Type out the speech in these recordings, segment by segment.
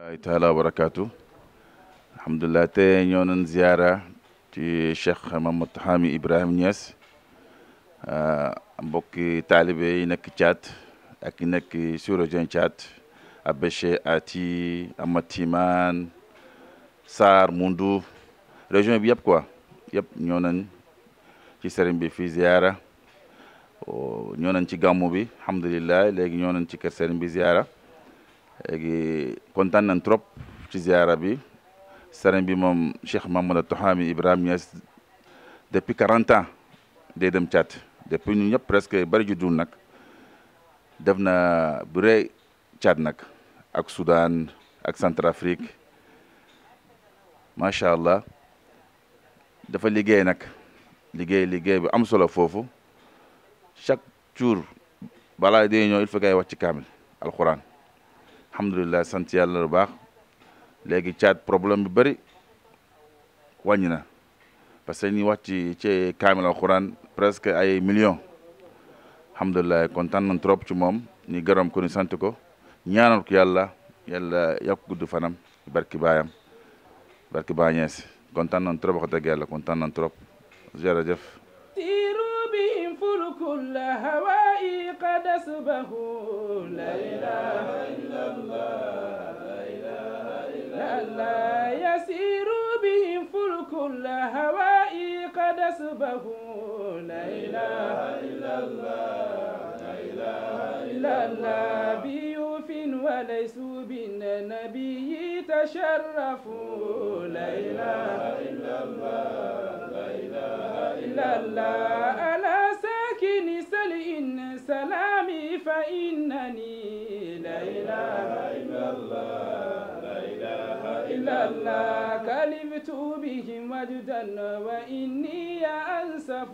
ay taala wa barakaatu alhamdulilah tey ñoo nañ ziyaara ci cheikh Mamadou Hami Ibrahim Niass ah, mbokki taalibe yi nekk Thiat ak yi nekk sur région Thiat Abéché Ati Amatiman Saar Mundu région bi yëpp quoi yëpp ñoo ci sëriñ bi fii ziyaara oh, ñoo nañ ci gàmmu bi alhamdulilah léegi ñoo nañ ci kër bi ziyaara léegi kontaan nañ trop ci ziara bi sëriñ bi moom Cheikh Mamadou Tohami Ibrahima Niass depuis quarante ans day dem Tchad depuis ñu ñëpp presque bari ju dul nag def na bu rëy Tchad nag ak Soudan ak Centrafrique macha allah dafa liggéey nag liggéey liggéey bi am solo foofu chaque jour balaa day ñëw il faut ngay wax ci kaamil alquran. alhamdulilah sant yàlla lu baax léegi caat problème bi bari wàññi na parce que ñuy wax ci ci kaamil ay million ay millions alhamdulilah kontaan trop ci moom ñu gërëm ko ñu sant ko ñaanal ko yàlla yàlla yokk gudd fanam barki baayam barki baa ñees kontaan nañ trop wax dëgg yàlla kontaan nañ trop jërëjëf كل هوائي قد أسبه لا إله كلا يسير بهم فلك الهوائي قد أسبه لا إله إلا الله لا إله إلا الله بيوف وليسوا بالنبي تشرفوا لا إله كلا كلمت بهم مجدا وإني أنسف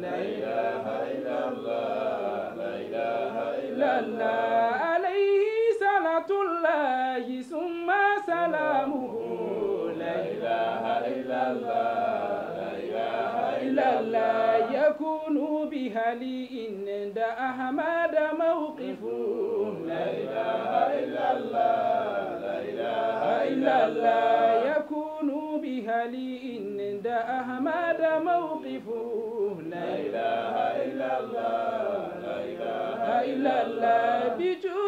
لا إله إلا الله لا إله إلا الله عليه صلاة الله ثم سلامه لا إله إلا الله يكون بها لي إن أحمد موقع ألا يكون بها لي عند أحمد موقف لا إله إلا الله لا إله إلا الله بجود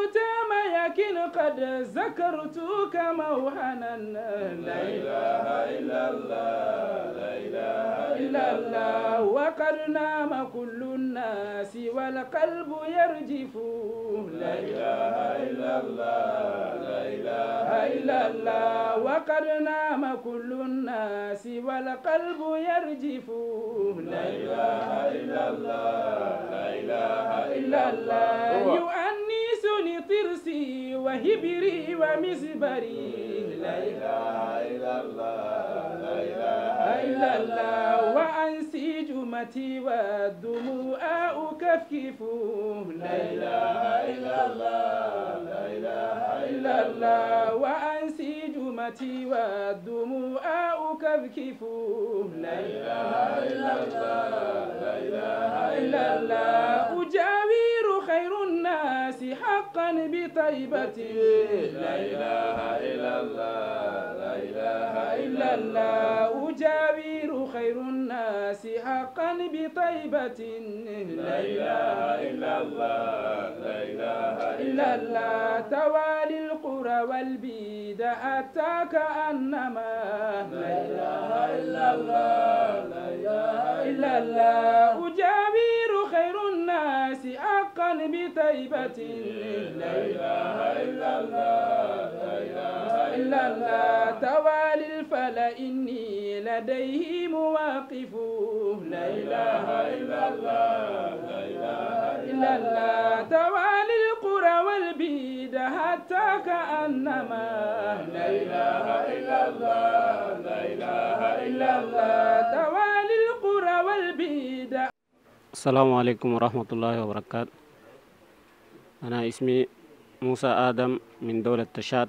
قد ذكرتك موهنا لا إله إلا الله لا إله إلا الله وقد نام كل الناس والقلب يرجف لا إله إلا الله لا إله إلا الله وقد نام كل الناس والقلب يرجف لا إله إلا الله لا إله إلا الله ترسي وهبري ومزبري لا إله إلا الله لا إله إلا الله وأنسي جمتي والدموع أكفكف لا إله إلا الله لا إله إلا الله وأنسي جمتي والدموع أكفكف لا إله إلا الله حقا بطيبة لا إله إلا الله لا إله إلا الله أجاور خير الناس حقا بطيبة لا إله إلا الله لا إله إلا الله توالي القرى والبيد حتى كأنما لا إله إلا الله لا إله إلا الله الأفعال بتيبة لا إله إلا الله لا إله إلا الله توالي الفلا إني لديه مواقف لا إله إلا الله لا إله إلا الله توالي القرى والبيد حتى كأنما لا إله إلا الله لا إله إلا الله توالي القرى والبيد asalaamaaleykum wa rahmatullahi wa barakaatu أنا اسمي موسى آدم من دولة تشاد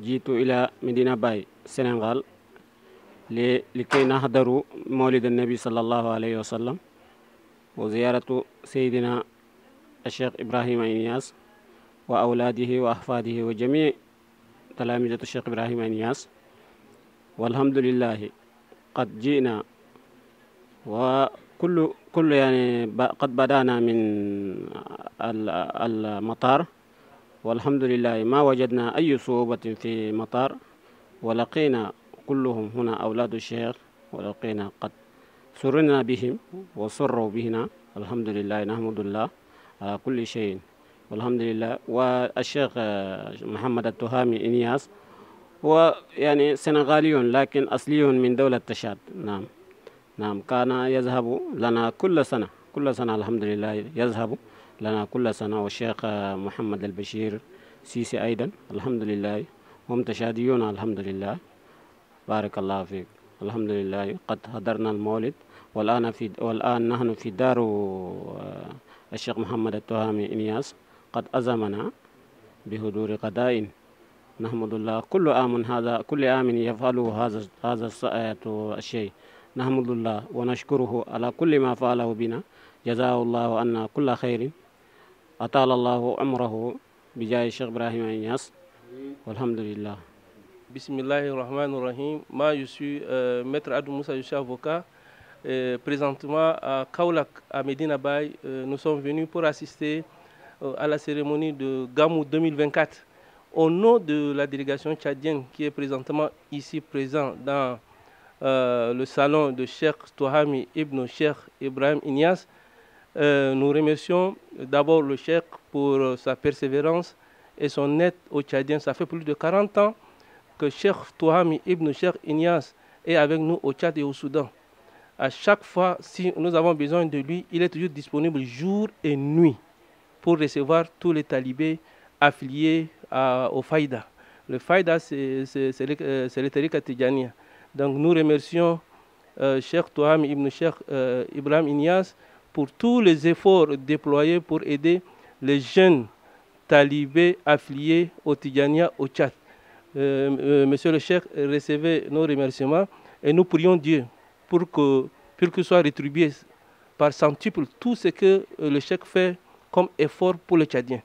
جئت إلى مدينة باي سنغال لكي نحضر مولد النبي صلى الله عليه وسلم وزيارة سيدنا الشيخ إبراهيم إنياس وأولاده وأحفاده وجميع تلامذة الشيخ إبراهيم إنياس والحمد لله قد جئنا و كل كل يعني قد بدأنا من المطار والحمد لله ما وجدنا أي صعوبة في مطار ولقينا كلهم هنا أولاد الشيخ ولقينا قد سرنا بهم وسروا بنا الحمد لله نحمد الله على كل شيء والحمد لله والشيخ محمد التهامي إنياس هو يعني سنغالي لكن أصلي من دولة تشاد نعم naam kaana yazhabu lana kulla sana kulla sana alhamdulillahi yazhabu lana kulla sana wa cheikh uh, mouhamad al bachir siisi aydan alhamdulillahi hum tashadiyuna alhamdulillah barakallahu fiik alhamdulillahi qad hadarna al mawlid wal ana fi wal an nahnu fi daaru الشيخ محمد التهامي إنياس قد أزمنا بهدور قداء نحمد الله كل آم هذا كل آم يفعله هذا هذا الشيء نحمد الله ونشكره على كل ما فعله بنا جزاه الله عنا كل خير أطال الله عمره بجاه الشيخ إبراهيم نياس والحمد لله Bismillah rahman rahim Moi, je suis euh, maître Adou Moussa, je suis avocat. Euh, présentement, à Kaulak, à Medina Bay, euh, nous sommes venus pour assister euh, à la cérémonie de Gamou 2024. Au nom de la délégation tchadienne qui est présentement ici présente dans euh, le salon de Cheikh Touhami Ibn Cheikh Ibrahim Ignace. Euh, nous remercions d'abord le Cheikh pour euh, sa persévérance et son aide aux Tchadiens. Ça fait plus de 40 ans que Cheikh Touhami Ibn Cheikh Ignace est avec nous au Tchad et au Soudan. À chaque fois, si nous avons besoin de lui, il est toujours disponible jour et nuit pour recevoir tous les talibés affiliés à, au Faïda. Le Faïda, euh, c'est le Tariqa Tidjania. Donc nous remercions euh, Cheikh Touham Ibn Cheikh euh, Ibrahim Ignace pour tous les efforts déployés pour aider les jeunes talibés affiliés au Tidjania au Tchad. Euh, euh monsieur le Cheikh, recevez nos remerciements et nous pour que, pour que soit rétribué par centuple tout ce euh, le Cheikh fait comme effort pour les Tchadiens.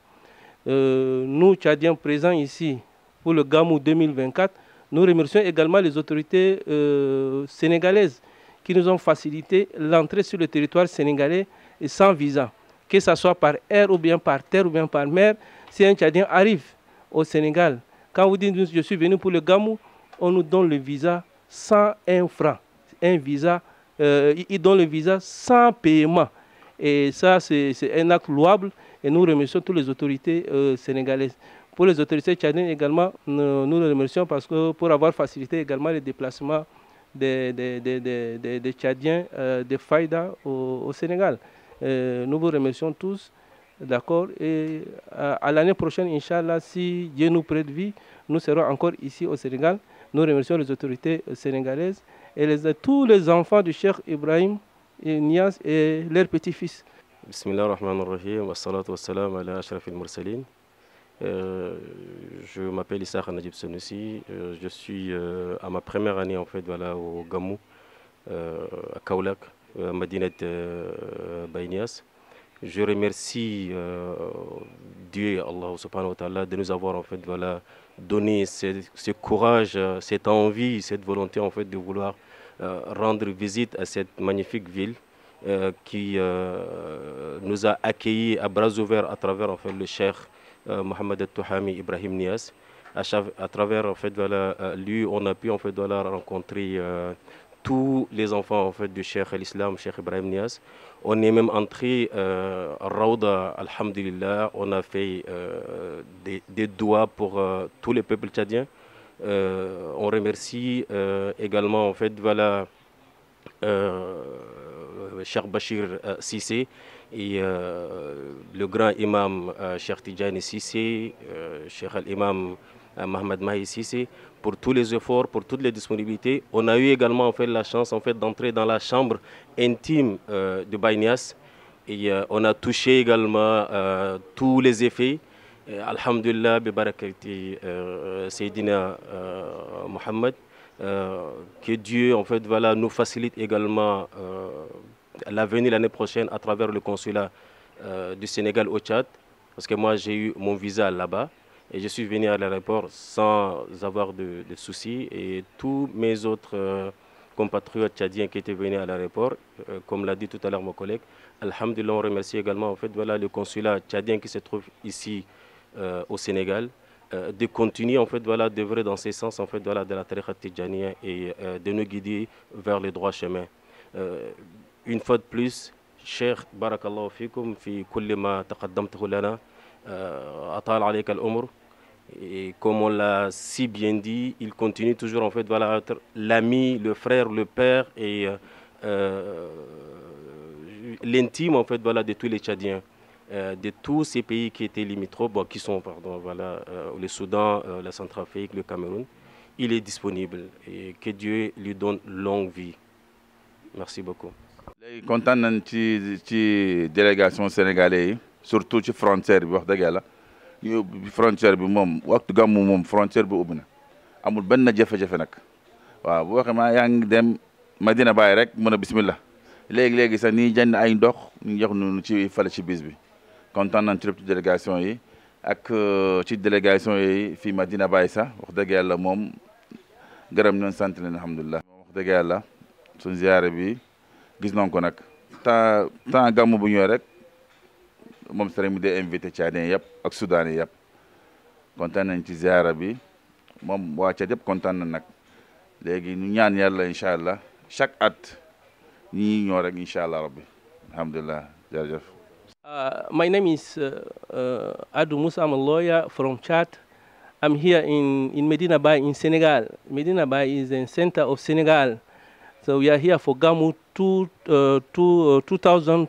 Euh, nous, Tchadiens présents ici pour le GAMU 2024, Nous remercions également les autorités euh, sénégalaises qui nous ont facilité l'entrée sur le territoire sénégalais et sans visa. Que ce soit par air ou bien par terre ou bien par mer, si un Tchadien arrive au Sénégal, quand vous dites je suis venu pour le Gamou, on nous donne le visa 101 francs. Un visa, euh, ils donnent le visa sans paiement. Et ça, c'est un acte louable et nous remercions toutes les autorités euh, sénégalaises. Pour les autorités tchadiennes également, nous, nous les remercions parce que pour avoir facilité également les déplacements des, des, des, des Tchadiens euh, de Faïda au, au Sénégal. Euh, nous vous remercions tous. D'accord Et à, euh, à l'année prochaine, Inch'Allah, si Dieu nous prête vie, nous serons encore ici au Sénégal. Nous remercions les autorités euh, sénégalaises et les, tous les enfants du Cheikh Ibrahim et Nias et leurs petits-fils. Bismillah ar-Rahman ar-Rahim, wa salatu wa salam ala ashraf al-mursalin. Euh, je m'appelle Issa Najib Senussi. Euh, je suis euh, à ma première année en fait, voilà, au Gamou, euh, à Kaulak, euh, à Madinat euh, Baynias. Je remercie Dieu, Allah subhanahu wa ta'ala, de nous avoir en fait, voilà, donné ce, ce, courage, cette envie, cette volonté en fait, de vouloir rendre visite à cette magnifique ville. qui nous a accueillis à bras ouverts à travers en fait, le Cheikh Euh, Mohamed Touhami Ibrahim Nias. À, travers en fait, voilà, euh, lui, on a pu en fait, voilà, rencontrer euh, tous les enfants en fait, du Cheikh l'Islam, Cheikh Ibrahim Nias. On est même entré euh, à Rauda, Alhamdulillah. On a fait euh, des, des, doigts pour euh, tous les peuples tchadiens. on remercie également en fait, voilà, Cheikh Bachir Sissé et euh, le grand imam euh, Cheikh Tidjani Sissé, euh, Cheikh al-Imam euh, Mohamed Mahi Sissé, pour tous les efforts, pour toutes les disponibilités. On a eu également en fait, la chance en fait, d'entrer dans la chambre intime euh, de Baïnias et euh, on a touché également tous les effets. Alhamdulillah, Bebarakati Seydina Mohamed, que Dieu en facilite également la venue l'année prochaine à travers le consulat euh, du Sénégal au Tchad, parce que moi j'ai eu mon visa là-bas et je suis venu à l'aéroport sans avoir de, de, soucis et tous mes autres euh, compatriotes tchadiens qui étaient venus à l'aéroport, euh, comme l'a dit tout à l'heure mon collègue, Alhamdulillah, on remercie également en fait, voilà, le consulat tchadien qui se trouve ici euh, au Sénégal euh, de continuer en fait voilà d'œuvrer dans ce sens en fait voilà de la tariqa et euh, de nous guider vers le droit chemin. Euh, une fois de plus cheikh barakallahu fikum fi kulli ma taqaddamtahu lana euh, atal aleyka al umr et comme on l'a si bien dit il continue toujours en fait voilà être l'ami le frère le père et euh, euh, l'intime en fait voilà de tous les Tchadiens euh, de tous ces pays qui étaient limitrophes bon, qui sont pardon voilà euh, le Soudan euh, la Centrafrique le Cameroun il est disponible et que Dieu lui donne longue vie merci beaucoup léegi kontaan nañ ci ci délégation sénégalais yi surtout ci frontière bi wax dëgg yàlla ñu frontière bi moom waxtu gàmmu moom frontière bi ubbi na amul benn jafe-jafe nag waaw bu waxee maa yaa ngi dem Madina Baye rek mën a bismillah léegi-léegi sax nii jënd ay ndox ñu jox ñu ci fale ci bis bi kontaan nañ ci délégation yi ak euh, ci délégation yi fii Madina Baye sax wax dëgg yàlla moom gërëm nan sant leen alhamdulilah. wax dëgg yàlla suñ gis nañ ko nag temps temps gàmm bu ñëwee rek moom sëriñ bi day invité Tchadien yëpp ak Soudan yëpp kontaan nañ ci ziara bi moom waa Tchad yëpp kontaan na nag léegi ñaan yàlla incha allah chaque at ñi ñoo rek allah rabbi alhamdulillah jërëjëf. Uh, my name is uh, uh, Adu Musa. I'm a lawyer from Chad. I'm here in, Medina Bay in Senegal. Medina Bay is a center of Senegal. So we are here for GAMU two, uh, uh,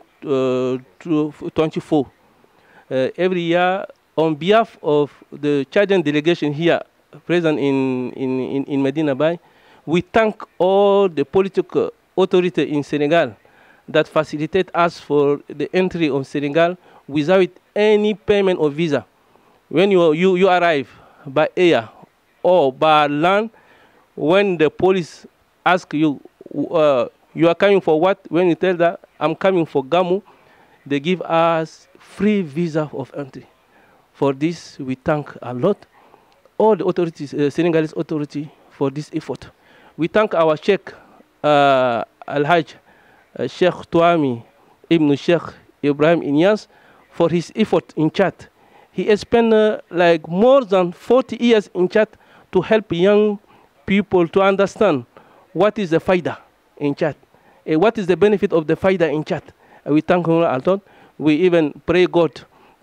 uh, every year, on behalf of the Chadian delegation here present in, in, in, in Medina Bay, we thank all the political authorities in Senegal that facilitate us for the entry of Senegal without any payment or visa. When you arrive by air or by land, when the police ask you uh, you are coming for what? When you tell that I'm coming for Gamu, they give us free visa of entry. For this, we thank a lot all the authorities, uh, Senegalese authority, for this effort. We thank our Sheikh uh, Al-Hajj, uh, Sheikh Tuami Ibn Sheikh Ibrahim Inyas for his effort in Chad. He has spent uh, like more than 40 years in Chad to help young people to understand what is the faida in Chad. Uh, eh, what is the benefit of the fighter in Chad? Uh, eh, we thank him a lot. We even pray God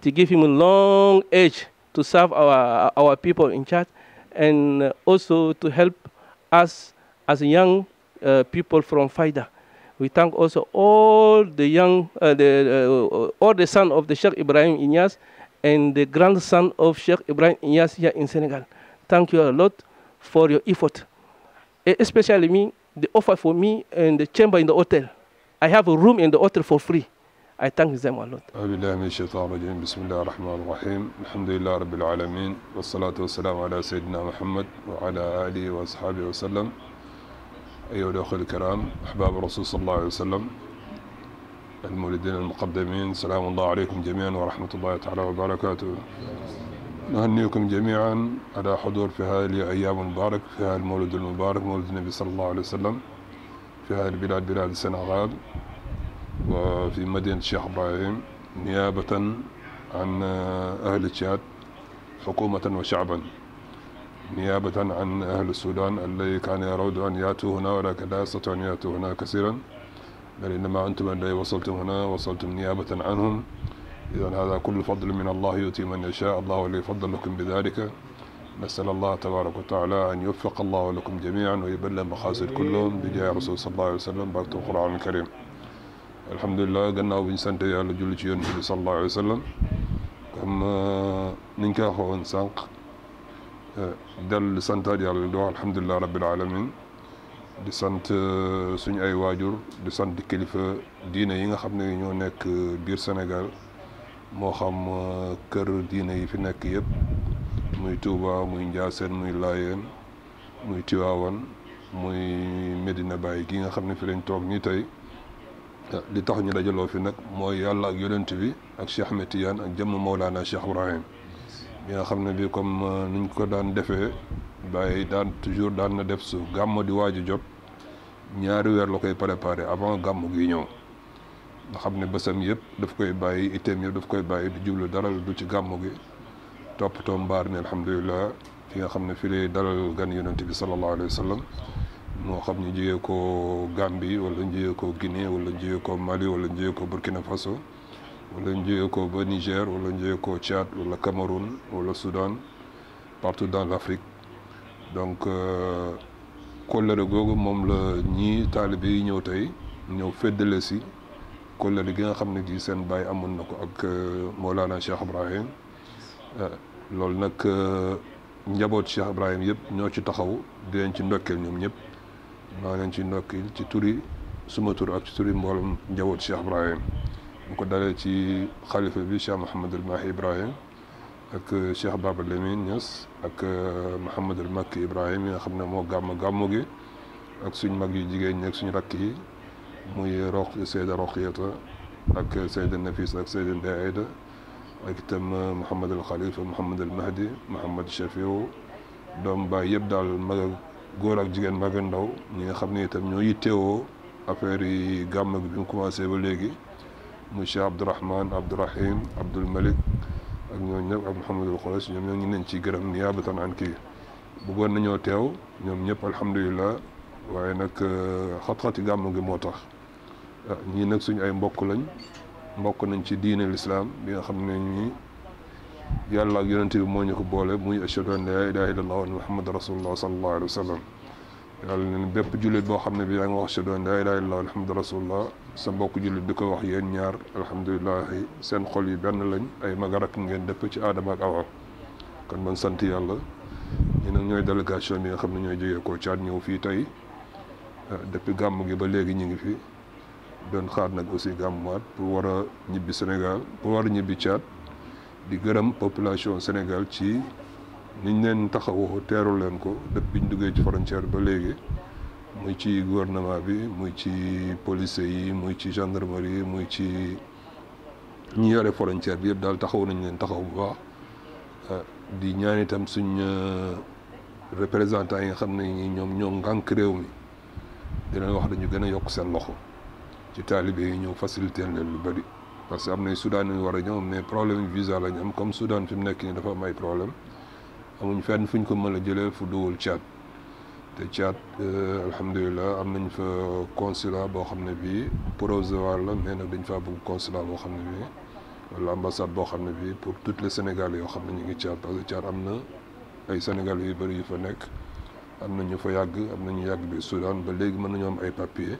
to give him a long age to serve our, our people in Chad and eh, also to help us as young people from FIDA. We thank also all the young, the, all the son of the Sheikh Ibrahim Inyas and the grandson of Sheikh Ibrahim Inyas here in Senegal. Thank you a lot for your effort, especially me they offer for me in the chamber in the hotel. I have a room in the hotel for free. I thank them a lot. Abillahi min shaitan rajim, bismillah rahman rahim, alhamdulillah rabbil alamin, wa salatu wa salam ala Sayyidina Muhammad wa ala alihi wa ashabihi wa sallam. أيها الأخوة الكرام أحباب الرسول صلى الله عليه وسلم المولدين المقدمين سلام الله عليكم جميعا ورحمة الله تعالى وبركاته نهنيكم جميعا على حضور في هذه الأيام المبارك في هذا المولد المبارك مولد النبي صلى الله عليه وسلم في هذه البلاد بلاد السنغال وفي مدينة الشيخ إبراهيم نيابة عن أهل تشاد حكومة وشعبا نيابة عن أهل السودان الذي كان يرود أن يأتوا هنا ولكن لا يستطيعون أن يأتوا هنا كثيرا بل إنما أنتم الذي وصلتم هنا وصلتم نيابة عنهم إذا هذا كل فضل من الله يؤتي من يشاء الله ليفضلكم بذلك نسأل الله تبارك وتعالى أن يوفق الله لكم جميعا ويبلغ مقاصد كلهم بجاه رسول صلى الله عليه وسلم بارك القرآن الكريم الحمد لله gannaaw bi ñu sant yàlla julli ci yonent bi sallallahu alayhi wa sallam comme euh, niñ ko waxoon sànq euh, dal santaat yàlla di wax alhamdulilah rabbil alamin di sant euh, suñu ay waajur di sant kilifa diine yi nga xam ne ñoo nekk biir Sénégal moo xam euh, kër diine yi fi nekk yëpp muy Touba muy Ndiassane muy Layeen muy Tiwaawan muy Medina bàyyi gi nga xam ne fi lañ toog nii tey li tax ñu dajaloo fi nag mooy yàlla ak yonent bi ak Cheikh Ahmed Tidiane ak jëmm Mawlana Cheikh Ibrahim bi nga xam ne bi comme euh, niñ ko daan defee bàyyi daan toujours daan na def su gàmm di waaj a jot ñaari weer la koy préparé avant gàmm gi ñëw. nga xam ne bësam yëpp daf koy bàyyi itteem yëpp daf koy bàyyi du jublu dara du ci gàmmu gi toppatoo mbaar mi alhamdulilah fi nga xam ne fi lay dalal gan yonent bi sallallahu alayhi wa sallam moo xam ne jiyee ko Gambie wala ñu jiyee ko Guinée wala ñu jiyee ko Mali wala ñu jiyee ko Burkina Faso wala ñu jiyee ko ba Niger wala ñu jiyee ko Tchad wala Cameroun wala Soudan partout dans l'Afrique donc euh, kóllëre googu moom la ñii taalibe yi ñëw tey ñëw féddale si kóllëre gi nga xam ne gi seen baay amoon na ko ak euh, Mawlana Cheikh Ibrahim euh, loolu nag euh, njaboot Cheikh Ibrahim yëpp ñoo ci taxaw di leen ci ndokkeel ñoom ñëpp maa leen ci ndokkeel ci turi suma tur ak ci turi mboolem njaboot Cheikh Ibrahim mu ko dalee ci xalifa bi Cheikh Mouhamadul Mahi Ibrahim ak Cheikh Baba Lamine Niass ak Mouhamadul Makki Ibrahim yi nga xam ne moo gàmm gàmmu gi ak suñ mag yu jigéen ñi ak suñ rakk yi muy roq Seyda Roqiyata ak Seyda Nafis ak Seyda Ndeye Aida ak itam euh, Mouhamad al Khalifa Mouhamad al Mahdi Mouhamad Chafiou doom baay yëpp daal mag ak góor ak jigéen mag ak ndaw ñi nga xam ne itam ñoo yittewoo affaire yi gàmm bi bi mu commencé ba léegi muy Cheikh Abdourahman Abdourahim Abdoul Malik ak ñooñu ñëpp ak Mouhamadul Khourous ñoom ñoo ngi leen ci gërëm niyaabatan an kii bëggoon nañoo teew ñoom ñëpp alhamdulilah waaye nag euh, xat-xati gàmm gi moo tax. Ah, ñii nag suñu ay mbokk lañ mbokk nañ ci diine lislaam bi nga xam ne ñii yàlla ak yonente bi moo ñu ko boole muy ashhadu an la ilaha illallah wa muhammad rasulullah sallallahu alayhi wa sallam bépp jullit boo xam ne bi yaa ngi wax ashhadu an la ilaha illallah sa mbokk jullit di ko wax yéen ñaar alhamdulilahi seen xol yi benn lañ ay magarak ngeen dëpp ci aadama ak awa kon man sant yàlla ñi nag ñooy délégation bi nga xam ne ñooy jógee koo caat ñëw fii tey ah, depuis gàmm gi ba léegi ñu ngi fi doon xaar nag aussi gàmmuwaat pour war a ñibbi Sénégal pour war ñibbi Tchad di gërëm population Sénégal ci niñ leen taxawoo teeru leen ko dëpp biñ duggee ci frontière ba léegi muy ci gouvernement bi muy ci policier yi muy ci gendarmerie yi muy ci ñu yore frontière bi yëpp daal taxaw nañ leen taxaw bu baax euh, di ñaan itam suñ euh, représentants yi nga xam ne ñoom ñoom ngànk réew mi di leen wax dañu gën a yokk seen loxo. ci taalibe yi ñëw faciliter leen lu bëri parce que am nay Soudan yu war a ñëw mais problème visa la ñu am comme Soudan fi mu nekk nii dafa am ay problème amuñ fenn fu ñu ko mën a jëlee fu duwul Tchad te Tchad euh, alhamdulilah am nañ fa consulat boo xam ne bii provisoire la mais nag dañ faa bëgg consulat boo xam ne bii wala ambassade boo xam ne bii pour toutes les Sénégalais yoo xam ne ñu ngi Tchad parce que Tchad am na ay Sénégalais yu bari yu fa nekk am na ñu fa yàgg am na ñu yàgg bi Soudan ba léegi mën nañu am ay papiers.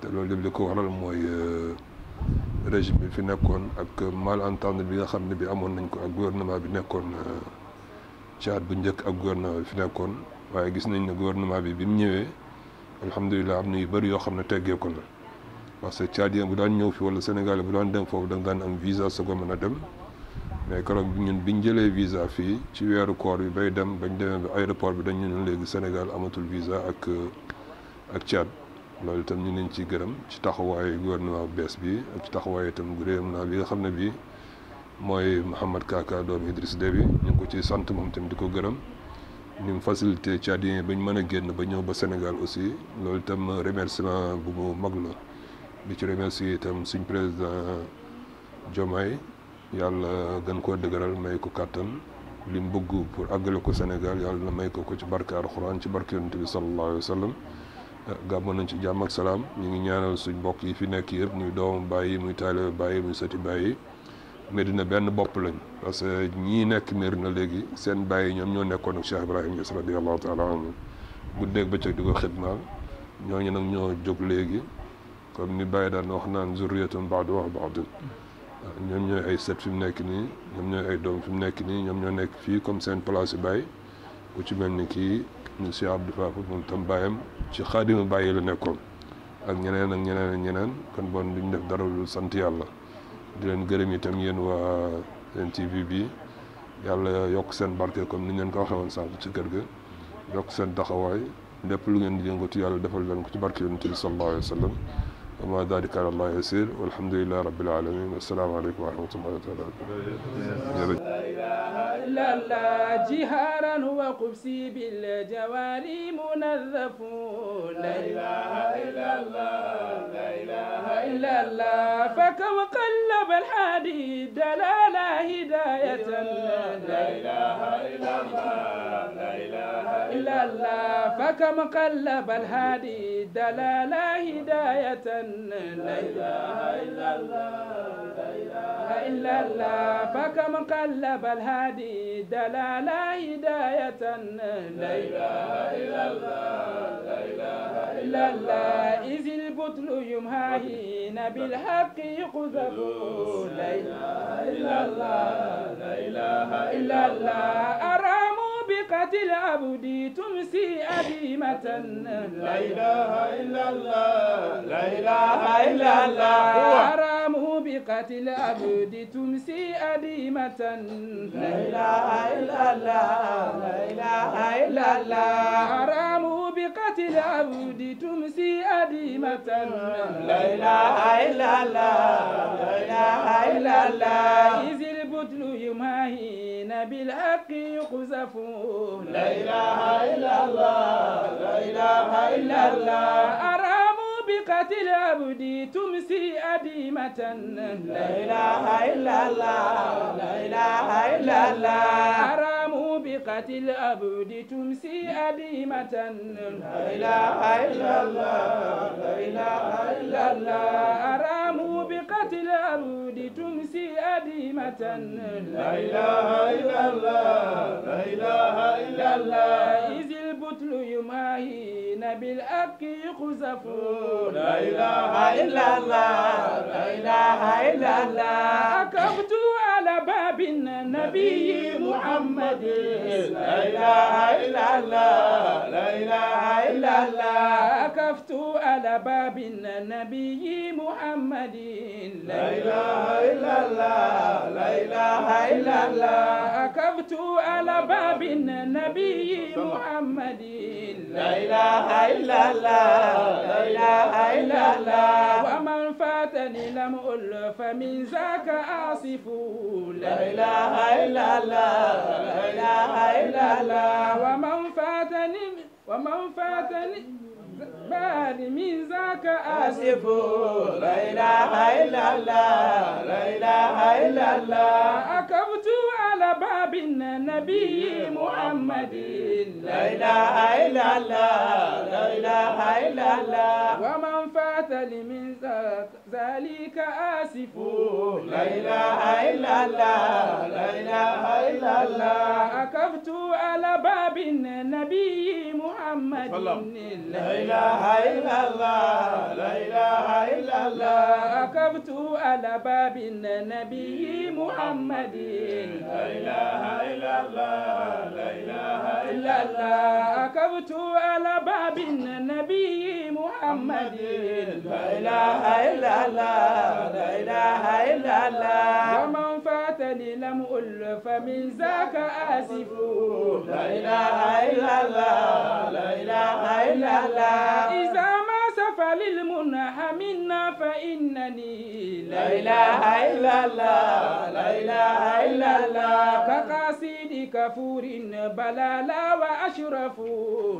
te loolu yëpp li ko waral mooy euh, régime bi fi nekkoon ak malentendu bi nga xam ne bi amoon nañ ko ak gouvernement bi nekkoon euh, ci at bu njëkk ak gouvernement bi fi nekkoon waaye gis nañ ne gouvernement bi bi mu ñëwee alhamdulilah am na yu bëri yoo xam ne teggeeku na parce que Tchadien bu daan ñëw fi wala Sénégalais bu daan dem foofu da nga daan am visa soo ko mën a dem mais keroog ñun bi ñu jëlee visa fii ci weeru koor bi bay dem bañ demee ba aéroport bi dañ ñu léegi Sénégal amatul visa ak euh, ak loolu itam ñu leen ci gërëm ci taxawaayu gouvernement bees bi ak ci taxawaayu itam gouvernement bi nga xam ne bii mooy Mouhamed Kaka doom Idriss Déby ñu ngi ko ci sant moom itam di ko gërëm ni mu facilité Tchadiens ba ñu mën a génn ba ñëw ba Sénégal aussi loolu itam remerciement bu mu mag la di ci remercier itam suñ président Diomaye yàlla gën koo dëgëral may ko kàttan li mu bëgg pour àggale ko Sénégal yàlla na may ko ko ci barke alxuraan ci barke yonent bi sallallahu alayhi wa gàmmoon nañ ci jàmm ak salaam ñu ngi ñaanal suñ bokk yi fi nekk yëpp muy doomu bàyyi muy taalibe bàyyi muy sëti bàyyi Medina benn bopp lañ parce que ñii nekk Medina léegi seen bàyyi ñoom ñoo nekkoon ak Cheikh Ibrahima Niass radiyallahu taala anhu guddeeg bëccëg di ko xidmaal ñooñu nag ñoo jóg léegi comme ni bàyyi daan wax naan zurriyatun ba'du wa ba'dun ñoom ñooy ay sët fi nekk nii ñoom ñooy ay doom fi mu nekk nii ñoom ñoo nekk fii comme seen place yu bàyyi ku ci mel ni kii mu Cheikh Abdou Fafa moom tam bàyyam ci xaadima bàyyi la nekkoon ak ñeneen ak ñeneen ak ñeneen kon bon duñ def dara lu sant yàlla di leen gërëm itam yéen waa NTV bi yàlla yokk seen barke comme ni ngeen ko waxee woon sànq ci kër ga yokk seen daxawaay lépp lu ngeen di yëngatu yàlla defal leen ko ci barke yonent bi sallallahu alayhi wa sallam وما ذلك على الله يسير والحمد لله رب العالمين والسلام عليكم ورحمة الله وبركاته لا إله إلا الله جهارا وقبسي بالجواري منذفون لا إله إلا الله إلا الله فكم قلب الحديد لا لا هداية لا إله إلا الله لا إله إلا الله فكم قلب الحديد لا لا هداية لا إله إلا الله إلا الله فكم قلب الهادي دلالا هداية لا إله إلا الله لا إله إلا الله إذ القتل يمهين بالحق يقذف لا إله إلا الله لا إله إلا الله طريقة العبد تمسي أديمة لا إله إلا الله لا إله إلا الله حرامه بقتل عبد تمسي أديمة لا إله إلا الله لا إله إلا الله حرامه بقتل عبد تمسي أديمة لا إله إلا الله لا إله إلا الله إذ البدل يماهين بالحق يقذف لا إله إلا الله لا إله إلا الله أرام بقتل عبدي تمسي أديمة لا إله إلا الله لا إله إلا الله أرام بقتل عبدي تمسي أديمة لا إله إلا الله لا إله إلا الله الأرض تمسي أديمة لا إله إلا الله لا إله إلا الله إذ البطل يماهين بالأك يخزف لا إله إلا الله لا إله إلا الله باب النبي محمد لا إله إلا الله لا إله إلا الله كفت على باب النبي محمد لا إله إلا الله لا إله إلا الله كفت على باب النبي محمد لا إله إلا الله لا إله إلا الله وطني لم أل فمن ذاك آصف لا إله إلا الله لا إله إلا الله ومن فاتني ومن فاتني بعد من ذاك آسف لا إله إلا الله لا إله إلا الله أكبر باب النبي محمد لا إله إلا الله لا إله إلا الله ومن فات لمن ذلك آسف لا إله إلا الله لا إله إلا الله أكفت على باب النبي محمد لا إله إلا الله لا إله إلا الله وقفت على باب النبي محمد لا إله إلا الله لا إله إلا الله وقفت على باب النبي محمد لا إله إلا الله لا إله إلا الله ليتني لم أل فمن ذاك آسف لا إله إلا الله لا إله إلا الله إذا ما سفى للمنح منا فإنني لا إله إلا الله لا إله إلا الله كقاصد كفور بلا لا وأشرف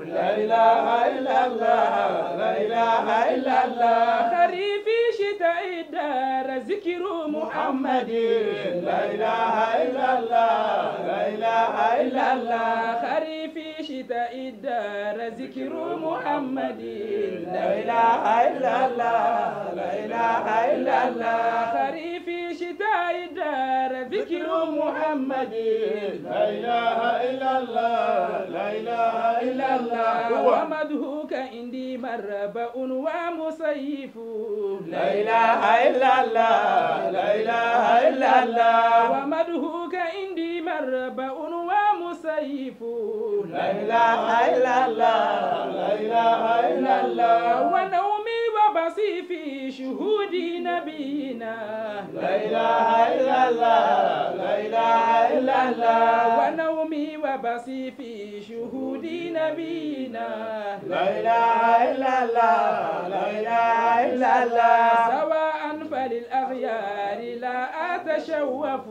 لا إله إلا الله لا إله إلا الله خريفي تدار ذكر محمد لا إله إلا الله لا إله إلا الله خريف شتاء الدار ذكر محمد لا إله إلا الله لا إله إلا الله خريف شتاء الدار ذكر محمد لا إله إلا الله لا إله إلا الله ومدهور مربأ ومصيف لا إله إلا الله لا إله إلا الله ومدهوك عندي مربأ ومصيف لا إله إلا الله لا إله إلا الله وبصي في شهود نبينا لا إله إلا الله لا إله إلا الله ونومي وبصي في شهود نبينا لا إله إلا الله لا إله إلا الله سواء فللأغيار لا أتشوف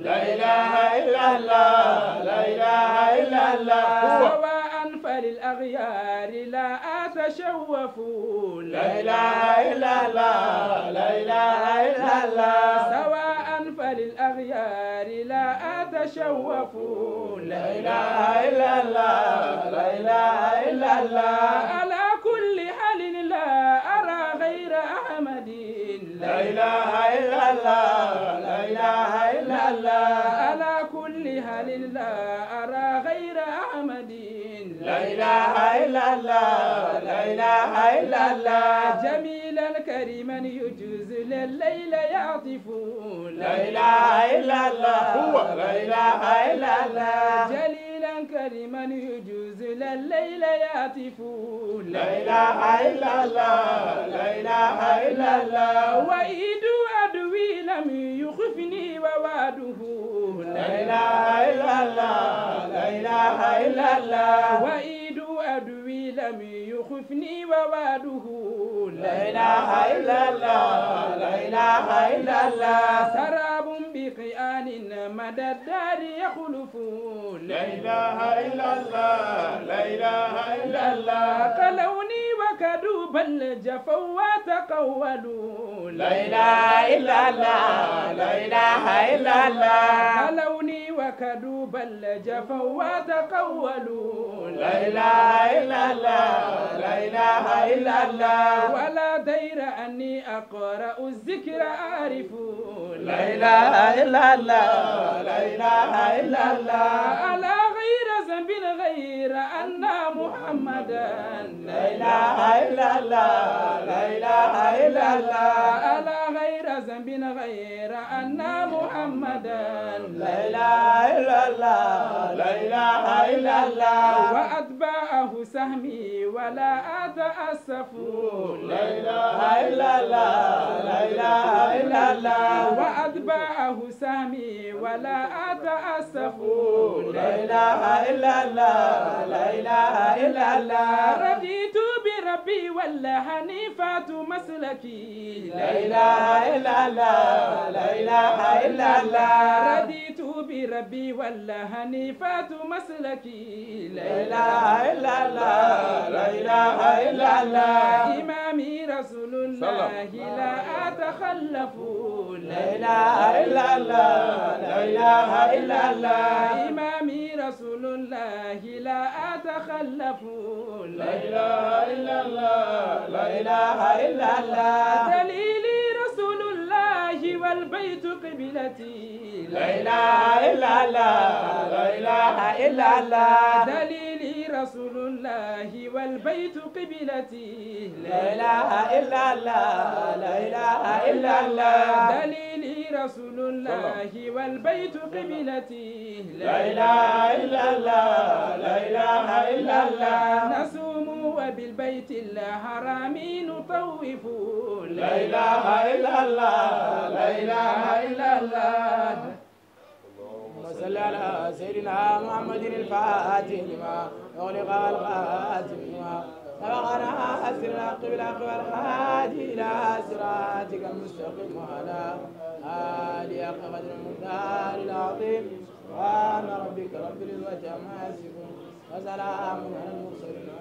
لا إله إلا الله لا إله إلا الله سواء فللأغيار لا أتشوف تشوفوا لا إله إلا الله لا إله إلا الله سواء فللأغيار لا أتشوفوا لا إله إلا الله لا إله إلا الله ilaha illallah la ilaha illallah jamilan kariman yujuz lil layla ya'tifu la ilaha illallah huwa la ilaha illallah jalilan kariman yujuz lil layla ya'tifu la ilaha illallah la ilaha illallah wa idu adwi lam yukhfini wa waduhu la ilaha illallah la ilaha illallah العلوي لم يخفني وواده لا إله إلا الله لا إله إلا الله سراب بقيان مدى الدار يخلف لا إله إلا الله لا إله إلا الله كلوني وكدوبا جفوا وتقولوا لا إله إلا الله لا إله إلا الله وكدوا بل جفوا وتقولوا لا إله إلا الله لا إله إلا الله ولا دير أني أقرأ الذكر أعرف لا إله إلا الله لا إله إلا الله على غير ذنب غير أن محمدا لا إله إلا الله لا إله إلا الله بن غير أن محمدا لا إله إلا الله لا إله إلا الله وأتباعه سهمي ولا أتأسف لا إله إلا الله لا إله إلا الله وأتباعه سهمي ولا أتأسف لا إله إلا الله لا إله إلا الله رضيت ربي ولا حنيفة مسلكي لا إله إلا الله لا إله إلا الله رضيت بربي ولا حنيفة مسلكي لا إله إلا الله لا إله إلا الله إمامي رسول الله لا أتخلف لا إله إلا الله لا إله إلا الله إمامي رسول الله لا أتخلف تكلفوا لا إله إلا الله لا إله إلا الله دليلي رسول الله والبيت قبلتي لا إله إلا الله لا إله إلا الله دليلي رسول الله والبيت قبلتي لا إله إلا الله لا إله إلا الله دليلي رسول الله والبيت قبلتي لا إله إلا الله لا إله إلا الله نصوم وبالبيت الحرام نطوف لا إله إلا الله لا إله إلا الله وصل على سيدنا محمد الفاتح لما أغلق الخاتم لما سبقنا أسرنا قبل أقوى الخاتم إلى صراطك المستقيم وعلى عالي قدر المقدار العظيم سبحان ربك رب العزة عما يصفون وسلام على المرسلين